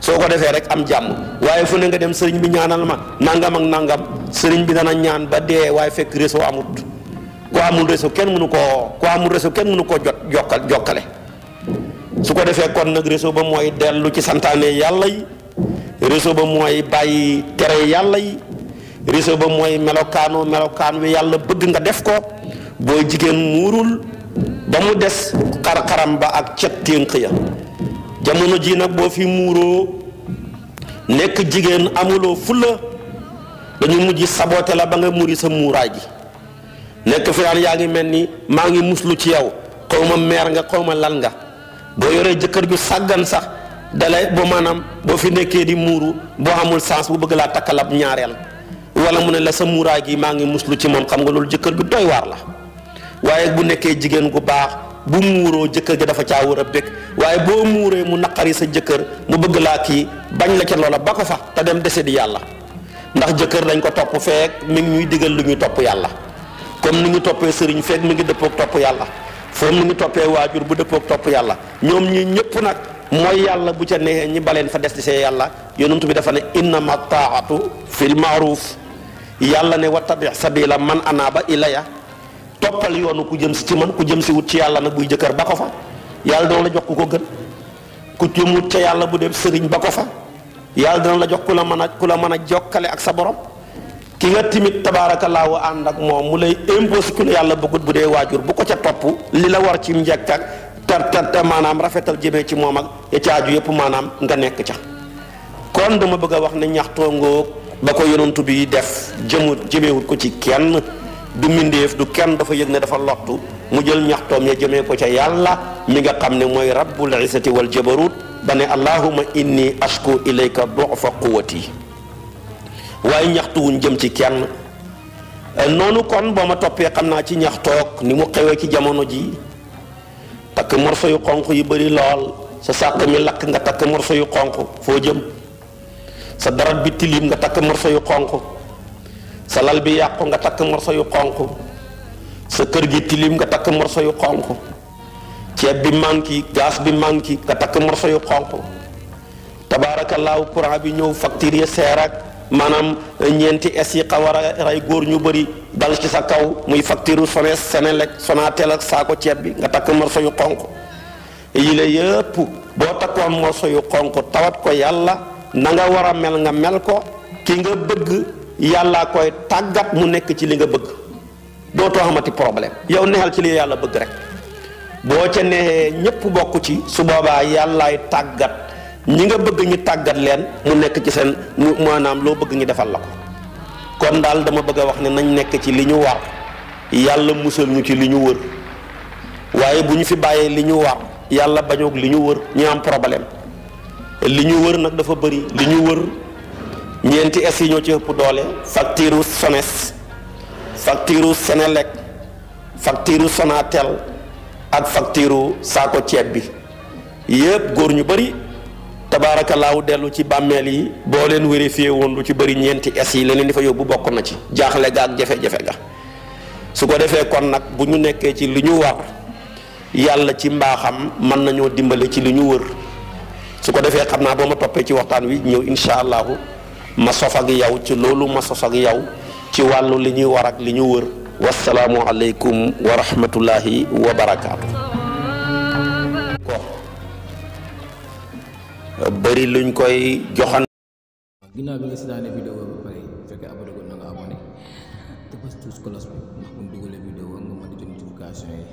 soo ko defee rek am jàmm waaye fu ne nga dem sëriñ bi ñaanal ma nangam ak nangam sëriñ bi dana ñaan ba dee waaye fekk réseau amut ku amul réseau kenn mënu koo ku amul réseau kenn mënu koo jot jokkal jokkale su ko defee kon nag réseau ba mooy dellu ci santaane yàlla yi réseau ba mooy bàyyi tere yàlla yi réseau ba mooy melokaano melokaan wi yàlla bëgg nga def ko booy jigéen muurul ba mu des xar-xaram ba ak cet ténk ya jamono ji nag boo fi muuroo nekk jigéen amuloo fulla dañu mujj saboté la ba nga muri sa muuraay gi nekk fi daan yaa ngi mel ni maa ngi muslu ci yow xaw ma meer nga xaw ma lan nga boo yoree jëkkër ju sàggan sax dalay ba maanaam boo fi nekkee di muuru boo amul sens bu bëgg laa takkalab ñaareel wala mu ne la sa muuraay gi maa ngi muslu ci moom xam nga loolu jëkkër ju doy waar la waaye bu nekkee jigéen gu baax bu muuroo jëkkër gi dafa caa wër ab dëkk waaye boo muuree mu naqari sa jëkkër mu bëgg laa kii bañ la ca loola ba ko fa te dem dese di yàlla ndax jëkkër dañ ko topp feek mi ngi ñuy digal lu ñuy topp yàlla comme ni ñu toppee sëriñ feek mi ngi dëppook topp yàlla foom ni ñu toppee waajur bu dëppook topp yàlla ñoom ñi ñëpp nag mooy yàlla bu ca neexee ñi baleen fa des di see yàlla yonent bi dafa ne innama taatu fil maaruf yàlla ne wa sa sabila man anaaba ilaya toppal yoonu ku jëm si ci man ku jëm si wut ci yàlla nag buy jëkkër ba ko fa yàlla dana la jox ku ko gën ku jëm wut ca yàlla bu dem sëriñ ba ko fa yàlla dana la jox ku la mën a ku la mën a jokkale ak sa borom ki nga timit tabaarakallaahu ànd ak moom mu lay imposé ku la yàlla bëggut bu dee waajur bu ko ca topp li la war ci njëkk ak tar tar maanaam rafetal jëmee ci moom ak ya ca aju yëpp maanaam nga nekk ca kon dama bëgg a wax ne ñaxtoo ngoog ba ko yonantu bi def jëmut jëmeewut ko ci kenn du mbindéef du kenn dafa yëg ne dafa lottu mu jël ñaxtoom ya jëmee ko ca yàlla mi nga xam ne mooy rabbul isati wal jabarut ba ne allahuma inni ashku ilayka dufa quwati waaye ñaxtuwuñ jëm ci kenn euh, noonu kon boo ma toppee xam naa ci ñaxtoog ni mu xewee ci jamono ji takk morso yu xonq yi bari lool sa sàkk mi lakk nga takk morso yu xonq foo jëm sa darat bi tilim nga takk morso yu xonq salal bi yàqu nga takk morso yu xonq sa kër gi tilim nga takk morso yu xonq ceeb bi manki gaz bi manki nga takk morso yu xonq tabaarakallaahu courant bi ñëw facture ya seer ak maanaam ñeenti es yi xawar góor ñu bëri dal ci sa kaw muy sones senelek sonatel ak saako ceeb bi nga takk morso yu yi la boo takkoon morso yu tawat ko yàlla na nga war a mel nga mel ko ki nga bëgg yàllaa koy tàggat mu nekk ci li nga bëgg dootoo xamati problème yow neexal ci li yàlla bëgg rek boo ca neexee ñépp bokk ci su boobaa yàllaay tàggat ñi nga bëgg ñu tàggat leen mu nekk ci seen maanaam loo bëgg ñu defal la ko kon daal dama bëgg a wax ne nañ nekk ci li ñu war yàlla musal ñu ci li ñu wër waaye bu ñu fi bàyyee li ñu war yàlla bañoog li ñu wër ñu am problème li ñu wër nag dafa bëri li ñu wër ñeenti es yi ñoo ci ëpp doole facture SONES facture Senelec faktiiru Sonatel ak facture saako ceeb bi yëpp góor ñu bëri tabaarakallaahu dellu ci bàmmeel yi boo leen vérifié woon lu ci bari ñeenti es yi leneen di fa yóbbu bokk na ci jaaxle ga ak jafe-jafe ga su ko defee kon nag bu ñu nekkee ci li ñu war yàlla ci mbaaxam mën nañoo dimbali ci li ñu wër su ko defee xam naa boo ma toppee ci waxtaan wi ñëw incha allahu ma sof ak yow ci loolu ma sos ak yow ci wàllu li ñuy war ak li ñu wër wasalaamu aleykum wa rahmatullahi wa luñ koy joxan ginnaaw bi nga seetaane yi